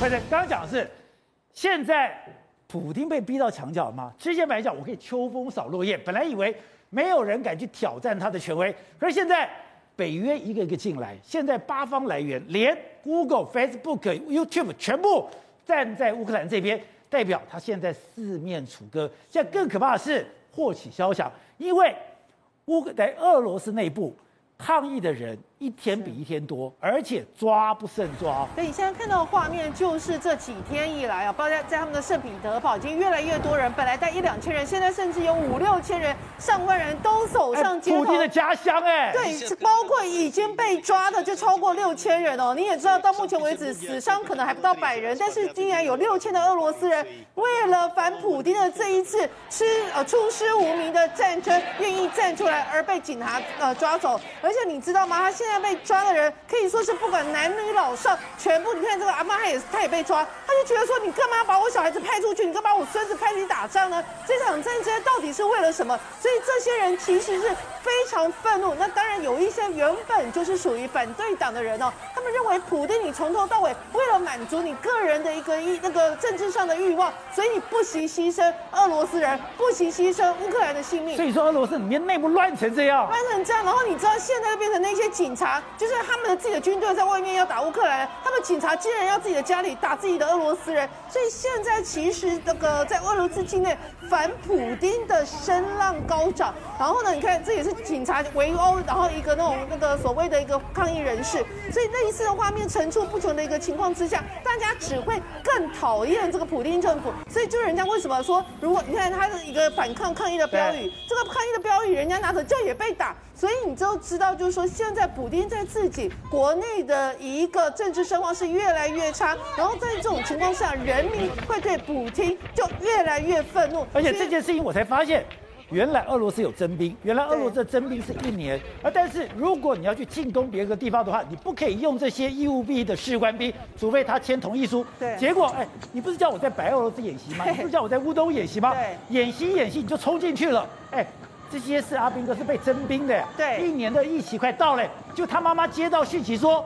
快是，剛講的是，現在普丁被逼到牆角了嗎？之前來講，我可以秋風掃落葉，本來以為沒有人敢去挑戰他的權威，可是現在北約一個一個進來，現在八方來援，連 Google、Facebook、YouTube 全部站在烏克蘭這邊，代表他現在四面楚歌。現在更可怕的是禍起蕭牆，因為烏克在俄羅斯內部抗議的人。一天比一天多，而且抓不勝抓。所以你現在看到的畫面，就是這幾天以來啊，包括在他們的聖彼得堡，已經越來越多人。本來帶一兩千人，現在甚至有五六千人、上萬人都走上街頭。哎、普京的家鄉、欸，哎，對，包括已經被抓的就超過六千人哦。你也知道，到目前為止死傷可能還不到百人，但是竟然有六千的俄羅斯人，為了反普丁的這一次失呃出師無名的戰爭，願意站出來而被警察呃抓走。而且你知道嗎？他現在。現在被抓的人可以說是不管男女老少，全部你看這個阿媽，她也她也被抓，她就覺得說，你幹嘛把我小孩子派出去，你幹嘛把我孫子派出去打仗呢？這場戰爭到底是為了什麼？所以這些人其實是。非常憤怒，那當然有一些原本就是屬於反對黨的人哦，他們認為普丁你從頭到尾為了滿足你個人的一個一那個政治上的慾望，所以你不惜犧牲俄羅斯人，不惜犧牲烏克蘭的性命。所以說俄羅斯裡面內部亂成這樣，亂成這樣，然後你知道現在變成那些警察，就是他們的自己的軍隊在外面要打烏克蘭，他們警察竟然要自己的家裡打自己的俄羅斯人，所以現在其實這個在俄羅斯境內反普丁的聲浪高漲。然後呢，你看這也是。警察圍毆，然後一個那種那個所謂的一個抗議人士，所以那一次的畫面層出不窮的一個情況之下，大家只會更討厭這個普丁政府。所以就是人家為什麼說，如果你看他的一個反抗抗議的標語，這個抗議的標語，人家拿着就也被打，所以你就知道就是說，現在普丁在自己國內的一個政治聲望是越來越差，然後在這種情況下，人民會對普丁就越來越憤怒。而且這件事情我才發現。原來俄羅斯有徵兵，原來俄羅斯的徵兵是一年啊，但是如果你要去進攻別個地方的話，你不可以用這些義務兵的士官兵，除非他簽同意書。對，結果哎，你不是叫我在白俄羅斯演習嗎？你不是叫我在烏東演習嗎？對，演習演習你就衝進去了，哎，這些是阿兵都是被徵兵的呀。對，一年的役期快到了，就他媽媽接到訊息說。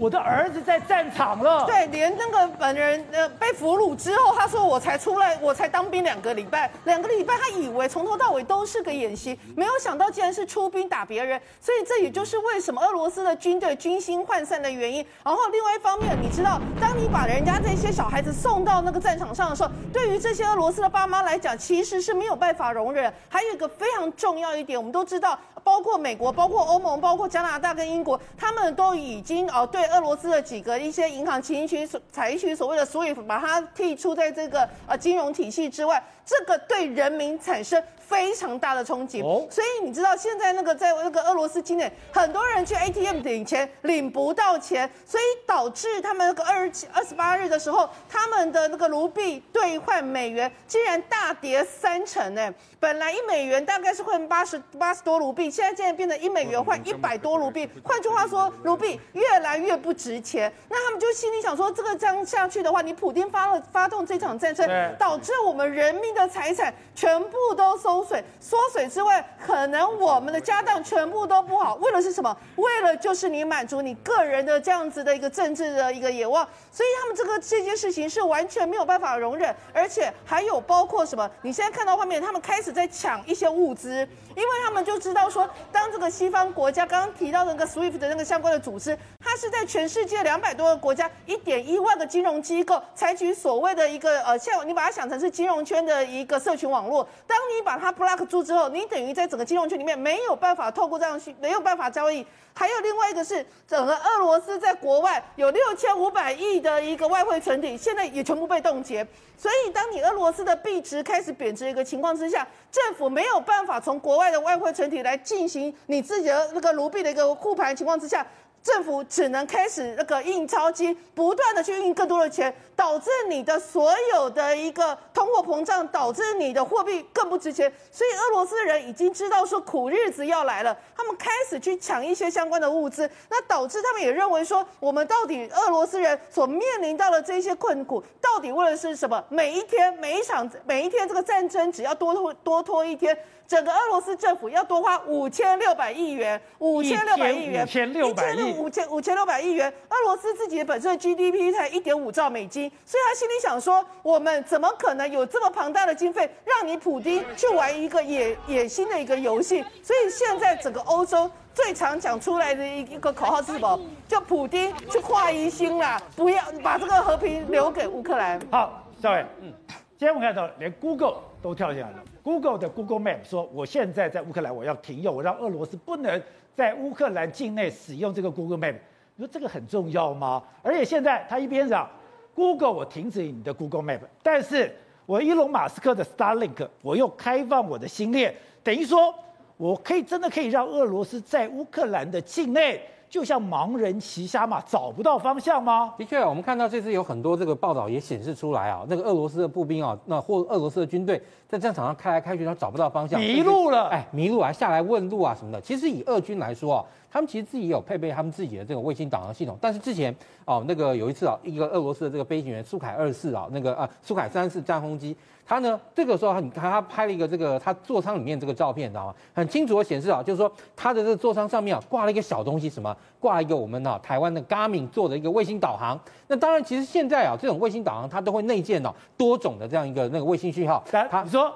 我的兒子在戰場了，對，連那個本人呃被俘虜之後，他說我才出來，我才當兵兩個禮拜，兩個禮拜他以為從頭到尾都是個演習，沒有想到竟然是出兵打別人，所以這也就是為什麼俄羅斯的軍隊軍心渙散的原因。然後另外一方面，你知道，當你把人家這些小孩子送到那個戰場上的時候，對於這些俄羅斯的爸媽來講，其實是沒有辦法容忍。還有一個非常重要一點，我們都知道，包括美國、包括歐盟、包括加拿大跟英國，他們都已經哦對。俄羅斯的幾個一些銀行採取採取所謂的所 t 把它剔出在這個呃金融體系之外，這個對人民產生非常大的衝擊。所以你知道現在那個在那個俄羅斯境內，很多人去 ATM 領錢領不到錢，所以導致他們那個二十七二十八日的時候，他們的那個盧幣兌換美元竟然大跌三成呢、欸。本來一美元大概是換八十八十多盧幣，現在竟然變成一美元換一百多盧幣。換句話說，盧幣越來越。卻不值錢，那他們就心裡想說：這個這樣下去的話，你普丁發了發動這場戰爭，導致我們人民的財產全部都縮水、縮水之外，可能我們的家當全部都不好。為了是什麼？為了就是你滿足你個人的這樣子的一個政治的一個野望。所以他們這個這件事情是完全沒有辦法容忍，而且還有包括什麼？你現在看到畫面，他們開始在搶一些物資，因為他們就知道說，當這個西方國家剛剛提到的那個 SWIFT 的那個相關的組織。它是在全世界兩百多個國家一點一萬個金融機構採取所謂的一個呃，像你把它想成是金融圈的一個社群網絡。當你把它 block 住之後，你等於在整個金融圈裡面沒有辦法透過這樣去沒有辦法交易。還有另外一個是，整個俄羅斯在國外有六千五百億的一個外匯存底，現在也全部被凍結。所以，當你俄羅斯的幣值開始貶值的一個情況之下，政府沒有辦法從國外的外匯存底來進行你自己的那個盧幣的一個護盤情況之下。政府只能開始那個印鈔機不斷的去印更多的錢，導致你的所有的一個通貨膨脹，導致你的貨幣更不值錢。所以俄羅斯人已經知道說苦日子要來了，他們開始去搶一些相關的物資。那導致他們也認為說，我們到底俄羅斯人所面臨到的這些困苦，到底為了是什麼？每一天，每一場，每一天這個戰爭，只要多拖多拖一天。整個俄羅斯政府要多花五千六百億元，五千六百億元，億元五千六百，五五千五千六百億元。俄羅斯自己本身的 GDP 才一點五兆美金，所以他心裡想說，我們怎麼可能有這麼龐大的經費，讓你普丁去玩一個野野心的一個遊戲？所以現在整個歐洲最常講出來的一個口號是什麼？叫普丁去跨一星啦，不要把這個和平留給烏克蘭。好，孝瑋，嗯。今天我看到，連 Google 都跳下來了。Google 的 Google Map 說，我現在在烏克蘭，我要停用，我讓俄羅斯不能在烏克蘭境內使用這個 Google Map。你說這個很重要嗎？而且現在他一邊講 Google，我停止你的 Google Map，但是我伊隆馬斯克的 Starlink 我又開放我的星鏈，等於說，我可以真的可以讓俄羅斯在烏克蘭的境內。就像盲人騎瞎馬，找不到方向嗎？的確我們看到這次有很多這個報道也顯示出來啊、哦，那個俄羅斯的步兵啊、哦，那或俄羅斯的軍隊在戰場上開來開去，他找不到方向，迷路了，哎，迷路啊，下來問路啊什麼的。其實以俄軍來說啊、哦。他們其實自己也有配備他們自己的這個衛星導航系統，但是之前哦，那個有一次啊，一個俄羅斯的這個飛行員蘇凱二四啊，那個啊呃、蘇凱三四戰轟機，他呢這個時候很他拍了一個這個他座艙裡面這個照片，你知道嗎？很清楚的顯示啊，就是說他的這個座艙上面啊掛了一個小東西，什麼掛了一個我們啊台灣的 Garmin 做的一個衛星導航。那當然，其實現在啊這種衛星導航它都會內建啊，多種的這樣一個那個衛星訊號。來、啊，你說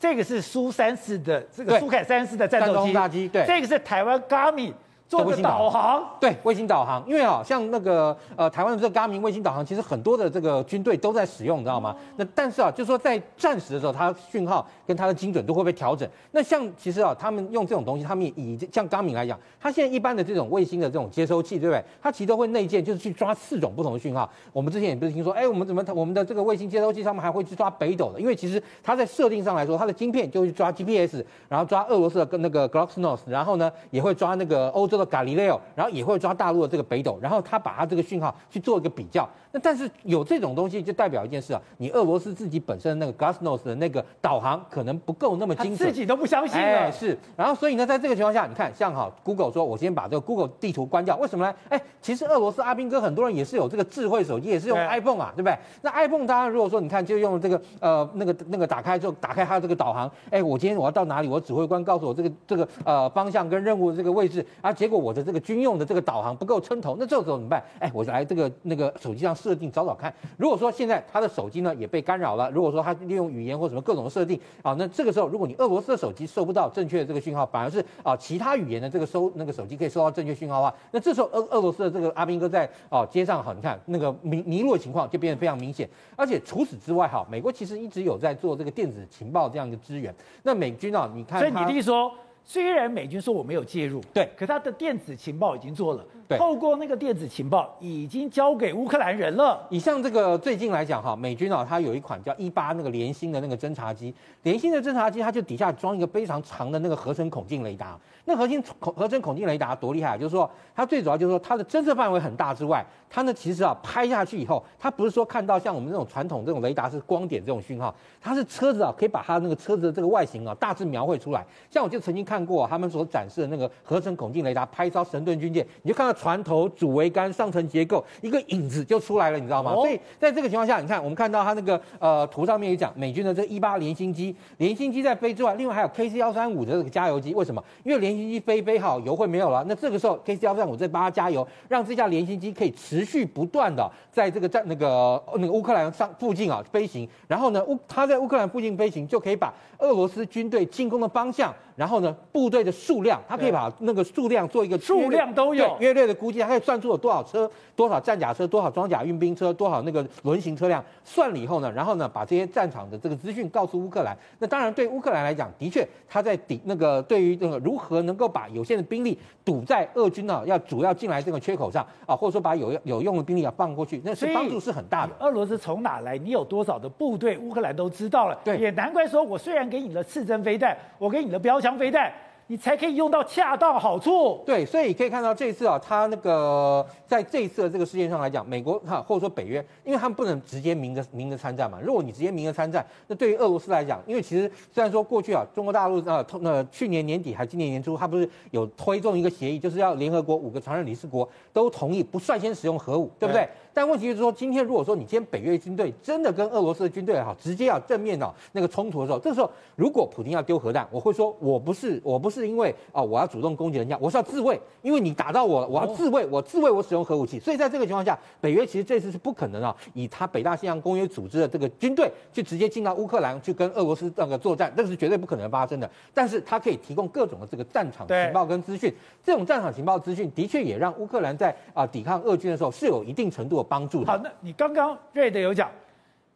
這個是蘇三四的這個蘇凱三四的戰鬥轟炸機，對戰機對，這個是台灣 Garmin，做個導航,導航對衛星導航，因為啊，像那個呃台灣的這個伽明衛星導航，其實很多的這個軍隊都在使用，你知道嗎？那但是啊，就是說在戰時的時候，它訊號跟它的精準度會被調整。那像其實啊，他們用這種東西，他們以像伽明來講，它現在一般的這種衛星的這種接收器，對不對？它其實都會內建就是去抓四種不同的訊號。我們之前也不是聽說，哎、欸，我們怎麼我們的這個衛星接收器上面還會去抓北斗的？因為其實它在設定上來說，它的晶片就會去抓 GPS，然後抓俄羅斯的跟那個 GLONASS 然後呢也會抓那個歐洲。叫做 Leo，然後也會抓大陸的這個北斗，然後他把他這個訊號去做一個比較。那但是有這種東西，就代表一件事啊，你俄羅斯自己本身的那個格 n o 諾 s 的那個導航可能不夠那麼精準，自己都不相信了。哎，是，然後所以呢，在這個情況下，你看，像哈，Google 說，我先把這個 Google 地圖關掉，為什麼呢？哎，其實俄羅斯阿兵哥很多人也是有這個智慧手機，也是用 iPhone 啊，對，對不對？那 iPhone 它如果說你看，就用這個呃那個那個打開之後，打開它這個導航，哎，我今天我要到哪裡？我指揮官告訴我這個這個呃方向跟任務的這個位置，啊結果我的這個軍用的這個導航不夠稱頭，那這個時候怎麼辦？哎，我就來這個那個手機上設定找找看。如果說現在他的手機呢也被干擾了，如果說他利用語言或什麼各種設定啊，那這個時候如果你俄羅斯的手機收不到正確的這個訊號，反而是啊其他語言的這個收那個手機可以收到正確訊號的話，那這時候俄俄羅斯的這個阿兵哥在哦、啊、街上哈，你看那個迷迷路的情況就變得非常明顯。而且除此之外哈，美國其實一直有在做這個電子情報這樣一個支援。那美軍啊，你看，所以你意思說。雖然美軍說我沒有介入，對，可是他的電子情報已經做了，對，透過那個電子情報已經交給烏克蘭人了。你像這個最近來講哈，美軍啊，他有一款叫一八那個聯星的那個偵察機，聯星的偵察機，它就底下裝一個非常長的那個合成孔徑雷達。那合成孔合成孔徑雷達多厲害，就是說它最主要就是說它的偵測範圍很大之外，它呢其實啊拍下去以後，它不是說看到像我們這種傳統這種雷達是光點這種訊號，它是車子啊可以把它那個車子的這個外形啊大致描繪出來。像我就曾經看。看過他們所展示的那個合成孔徑雷達拍照神盾軍艦，你就看到船頭主桅杆上層結構一個影子就出來了，你知道嗎？所以在這個情況下，你看我們看到他那個呃圖上面也講美軍的這一八聯星機，聯星機在飛之外，另外還有 KC 幺三五的這個加油機，為什麼？因為聯星機飛飛好油會沒有了，那這個時候 KC 幺三五再幫它加油，讓這架聯星機可以持續不斷的在這個在那個那個烏克蘭上附近啊飛行，然後呢烏它在烏克蘭附近飛行，就可以把俄羅斯軍隊進攻的方向。然後呢，部隊的數量，他可以把那個數量做一個數量都有。約略的估計，他可以算出了多少車、多少戰甲車、多少裝甲運兵車、多少那個輪型車輛，算了以後呢，然後呢，把這些戰場的這個資訊告訴烏克蘭。那當然，對烏克蘭來講，的確他在頂那個對於這個如何能夠把有限的兵力堵在俄軍呢、啊、要主要進來這個缺口上啊，或者說把有有用的兵力啊放過去，那是幫助是很大的。俄羅斯從哪來？你有多少的部隊，烏克蘭都知道了。對，也難怪說，我雖然給你的刺針飛彈，我給你的標。槍飛彈，你才可以用到恰到好處。對，所以可以看到這一次啊，他那個在這一次的這個事件上來講，美國哈或者說北約，因為他們不能直接明着明着參戰嘛。如果你直接明着參戰，那對於俄羅斯來講，因為其實雖然說過去啊，中國大陸啊通呃去年年底還今年年初，他不是有推動一個協議，就是要聯合國五個常任理事國都同意不率先使用核武，對不對？嗯但問題就是說，今天如果說你今天北約軍隊真的跟俄羅斯的軍隊也、啊、好，直接要、啊、正面的、啊、那個衝突的時候，這個、時候如果普丁要丟核彈，我會說我不是我不是因為啊、呃、我要主動攻擊人家，我是要自衛，因為你打到我了，我要自衛，我自衛我使用核武器。所以在這個情況下，北約其實這次是不可能啊，以他北大西洋公約組織的這個軍隊去直接進到烏克蘭去跟俄羅斯那個作戰，這個是絕對不可能發生的。但是它可以提供各種的這個戰場情報跟資訊，這種戰場情報資訊的確也讓烏克蘭在啊、呃、抵抗俄軍的時候是有一定程度的。幫助。好，那你剛剛瑞德有講，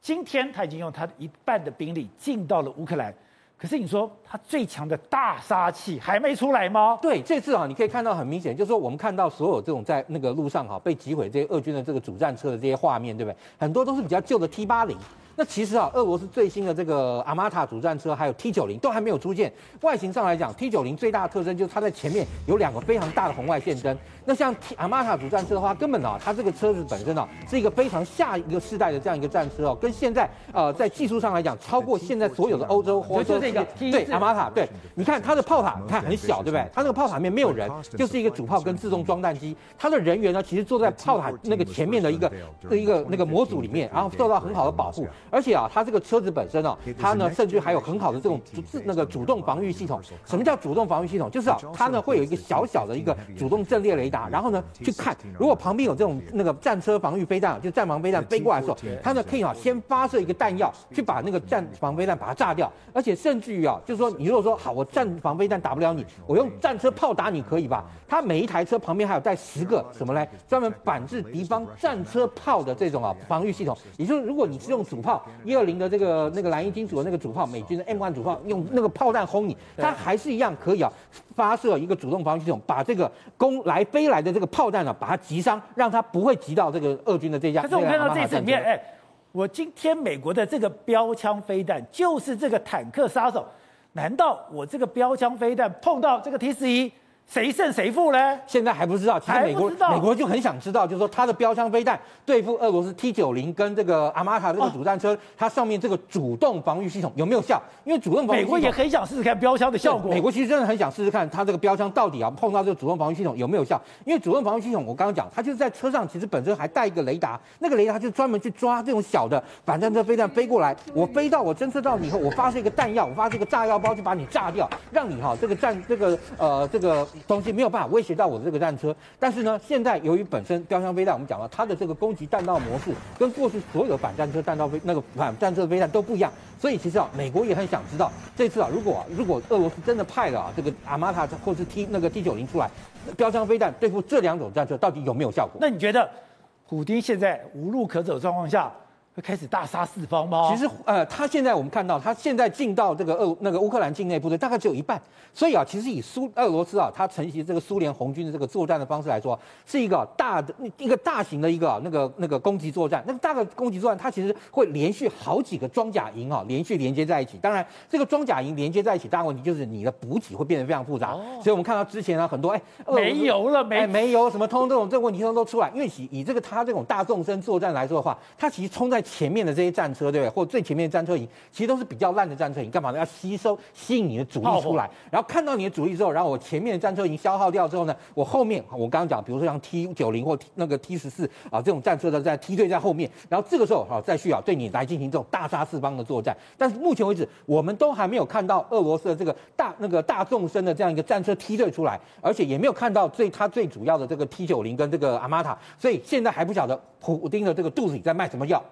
今天他已經用他一半的兵力進到了烏克蘭，可是你說他最強的大殺器還沒出來嗎？對，這次啊，你可以看到很明顯，就是說我們看到所有這種在那個路上哈被擊毀這些俄軍的這個主戰車的這些畫面，對不對？很多都是比較舊的 T 八零。那其實啊，俄羅斯最新的這個阿瑪塔主戰車還有 T 九零都還沒有出現。外形上來講，T 九零最大的特徵就是它在前面有兩個非常大的紅外線燈。那像 T，阿瑪塔主戰車的話，根本啊，它這個車子本身呢、啊、是一個非常下一個世代的這樣一個戰車哦，跟現在呃在技術上來講，超過現在所有的歐洲或者、就是、對阿瑪塔，對，阿瑪塔，對，你看它的炮塔，你看很小，對不對？它那個炮塔裡面沒有人，就是一個主炮跟自動裝彈機。它的人員呢，其實坐在炮塔那個前面的一個的一個那個模組裡面，然後受到很好的保護。而且啊，它這個車子本身啊，它呢，甚至還有很好的這種主那個主動防禦系統。什麼叫主動防禦系統？就是啊，它呢會有一個小小的一個主動陣列雷達，然後呢去看，如果旁邊有這種那個戰車防禦飛彈，就戰防飛彈飛過來的時候，它呢可以啊先發射一個彈藥去把那個戰防飛彈把它炸掉。而且甚至於啊，就是說你如果說好，我戰防飛彈打不了你，我用戰車炮打你可以吧？它每一台車旁邊還有帶十個什麼嘞，專門反制敵方戰車炮的這種啊防禦系統。也就是如果你是用主炮，一二零的這個那個萊茵金屬的那個主炮，美軍的 M 1主炮用那個炮彈轟你，它還是一樣可以啊，發射一個主動防禦系統，把這個攻來飛來的這個炮彈啊，把它擊傷，讓它不會擊到這個俄軍的這架。可是我看到這次面，哎，我今天美國的這個標槍飛彈就是這個坦克殺手，難道我這個標槍飛彈碰到這個 T 十四？誰勝誰負呢？現在還不知道。其實美國美國就很想知道，就是說他的標槍飛彈對付俄羅斯 T90 跟這個阿瑪塔這個主戰車，啊，它上面這個主動防禦系統有沒有效？因為主動防禦系統，美國也很想試試看標槍的效果。美國其實真的很想試試看它這個標槍到底啊碰到這個主動防禦系統有沒有效？因為主動防禦系統，我剛剛講，它就是在車上其實本身還帶一個雷達，那個雷達它就專門去抓這種小的反戰車飛彈飛過來。我飛到我偵測到你以後，我發射一個彈藥，我發射一個炸藥包去把你炸掉，讓你哈、啊、這個戰這個呃這個。呃這個東西沒有辦法威脅到我的這個戰車，但是呢，現在由於本身標槍飛彈，我們講了它的這個攻擊彈道模式跟過去所有的反戰車彈道飛那個反戰車飛彈都不一樣，所以其實啊，美國也很想知道，這次啊，如果、啊、如果俄羅斯真的派了啊這個阿瑪塔或是 T 那個 T 九零出來，標槍飛彈對付這兩種戰車到底有沒有效果？那你覺得，普丁現在無路可走狀況下？開始大殺四方嗎？其實，呃，他現在我們看到，他現在進到這個俄那個烏克蘭境內部隊大概只有一半。所以啊，其實以蘇俄羅斯啊，他承襲這個蘇聯紅軍的這個作戰的方式來說，是一個大的一個大型的一個那個那個攻擊作戰。那個大的攻擊作戰，它其實會連續好幾個裝甲營啊，連續連接在一起。當然，這個裝甲營連接在一起，大問題就是你的補給會變得非常複雜、哦。所以，我們看到之前啊，很多哎、欸，沒油了，沒、欸、沒油，什麼通通這種這個問題都都出來。因為以以這個他這種大縱深作戰來說的話，他其實衝在。前面的這些戰車，對不對？或者最前面的戰車營，其實都是比較爛的戰車營，幹嘛呢？要吸收、吸引你的主力出來，然後看到你的主力之後，然後我前面的戰車營消耗掉之後呢，我後面我剛剛講，比如說像 T90 T 九零或那個 T 十四啊這種戰車的在梯隊在後面，然後這個時候好、啊，再需要啊對你來進行這種大殺四方的作戰。但是目前為止，我們都還沒有看到俄羅斯的這個大那個大縱深的這樣一個戰車梯隊出來，而且也沒有看到最它最主要的這個 T 九零跟這個阿瑪塔，所以現在還不曉得普丁的這個肚子裡在賣什麼藥。